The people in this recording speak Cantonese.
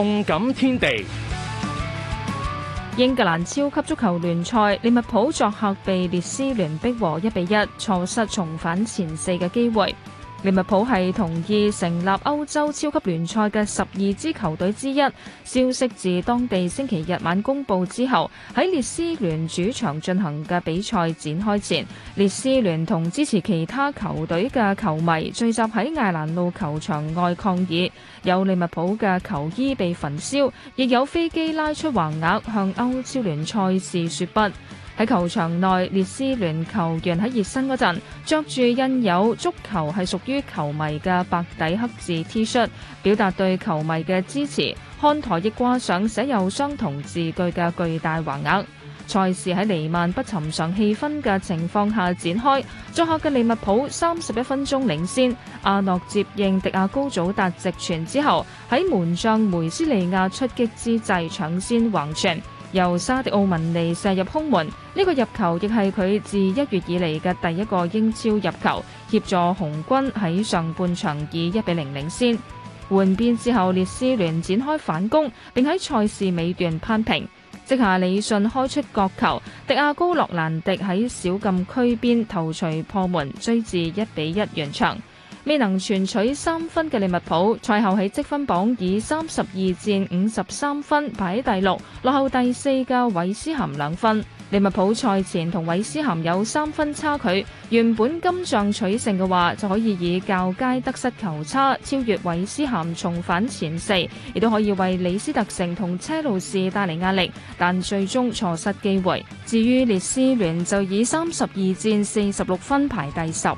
動感天地，英格蘭超級足球聯賽，利物浦作客被列斯聯逼和一比一，錯失重返前四嘅機會。利物浦係同意成立歐洲超級聯賽嘅十二支球隊之一。消息自當地星期日晚公佈之後，喺列斯聯主場進行嘅比賽展開前，列斯聯同支持其他球隊嘅球迷聚集喺艾蘭路球場外抗議，有利物浦嘅球衣被焚燒，亦有飛機拉出橫額向歐超聯賽事説不。喺球場內，列斯聯球員喺熱身嗰陣，着住印有足球係屬於球迷嘅白底黑字 T 恤，表達對球迷嘅支持。看台亦掛上寫有相同字句嘅巨大橫額。賽事喺瀰漫不尋常氣氛嘅情況下展開。作客嘅利物浦三十一分鐘領先，阿諾接應迪亞高祖達直傳之後，喺門將梅斯利亞出擊之際搶先橫傳。由沙迪奧文尼射入空門，呢、這個入球亦係佢自一月以嚟嘅第一個英超入球，協助紅軍喺上半場以一比零領先。換邊之後，列斯聯展開反攻，並喺賽事尾段攀平。即下李信開出角球，迪亞高洛蘭迪喺小禁區邊頭槌破門，追至一比一完場。未能全取三分嘅利物浦，賽後喺積分榜以三十二戰五十三分排喺第六，落後第四嘅韋斯咸兩分。利物浦賽前同韋斯咸有三分差距，原本今仗取勝嘅話就可以以較佳得失球差超越韋斯咸重返前四，亦都可以為李斯特城同車路士帶嚟壓力，但最終錯失機會。至於列斯聯就以三十二戰四十六分排第十。